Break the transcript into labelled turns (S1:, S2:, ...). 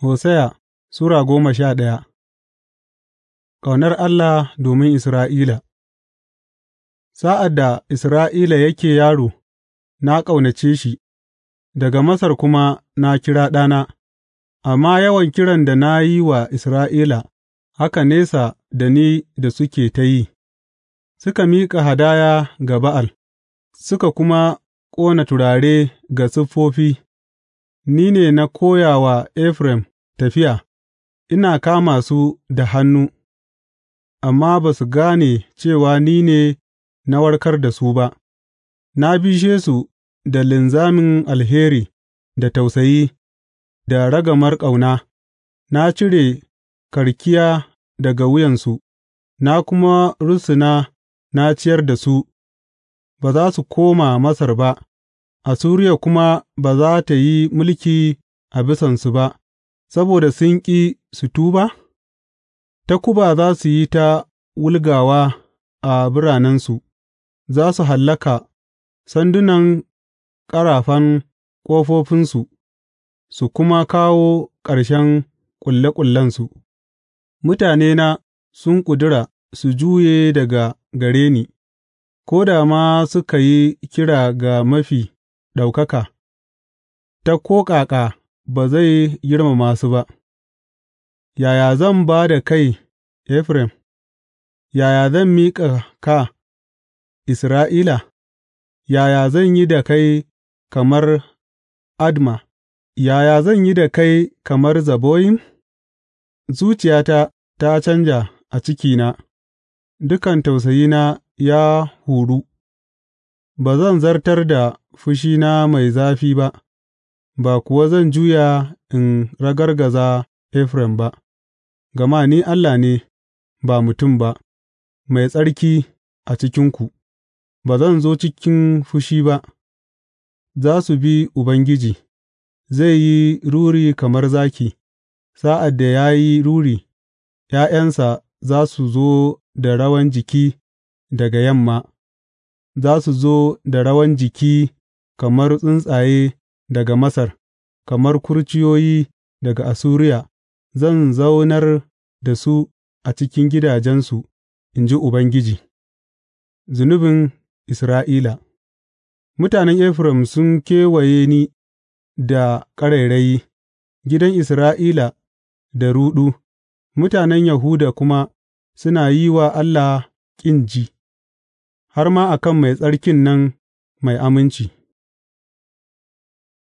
S1: Hosiya Sura goma sha ɗaya. Ƙaunar Allah domin Isra'ila Sa'ad da Isra'ila yake yaro, na ƙaunace shi, daga Masar kuma na kira ɗana, amma yawan kiran da na yi wa Isra'ila, haka nesa da ni da suke ta yi, suka miƙa hadaya ga Ba'al, suka kuma ƙona turare ga siffofi Ni ne na koya wa Efraim tafiya, ina kama su da hannu, amma ba su gane cewa ni ne na warkar da su ba; na bishe su da linzamin alheri da tausayi da ragamar ƙauna, na cire karkiya daga wuyansu, na kuma rusuna na ciyar da su, ba za su koma Masar ba. Assuriya kuma ba za tă yi mulki a bisansu ba saboda sun ƙi su tuba? Takuba za su yi ta wulgawa a biranensu, za su hallaka sandunan ƙarafan ƙofofinsu su kuma kawo ƙarshen ƙulle ƙullensu, mutanena sun ƙudura su juye daga gare ni, ko da ma suka yi kira ga Mafi. ɗaukaka, ta ko ƙaƙa ba zai girmama su ba, yaya zan ba da kai, Efraim, yaya zan miƙa ka, Isra'ila, yaya zan yi da kai kamar Adma, yaya zan yi da kai kamar zaboyin? Zuciyata ta canja a cikina, dukan tausayina ya huru. Ba zan zartar da fushina mai zafi ba, ba kuwa zan juya in ragargaza Efraim ba, gama ni Allah ne, ba mutum ba, Mai Tsarki a cikinku; ba zan zo cikin fushi ba, za su bi Ubangiji, zai yi ruri kamar zaki, sa'ad da ya yi ruri, ’ya'yansa za su zo da rawan jiki daga yamma. za su zo da rawan jiki kamar tsuntsaye daga Masar, kamar kurciyoyi daga Asuriya, zan zaunar da su a cikin gidajensu, in ji Ubangiji. Zunubin Isra'ila Mutanen Efraim sun kewaye ni da ƙarairayi, gidan Isra'ila da ruɗu, mutanen Yahuda kuma suna yi wa Allah ƙin ji. har ma a kan Mai Tsarkin nan mai aminci.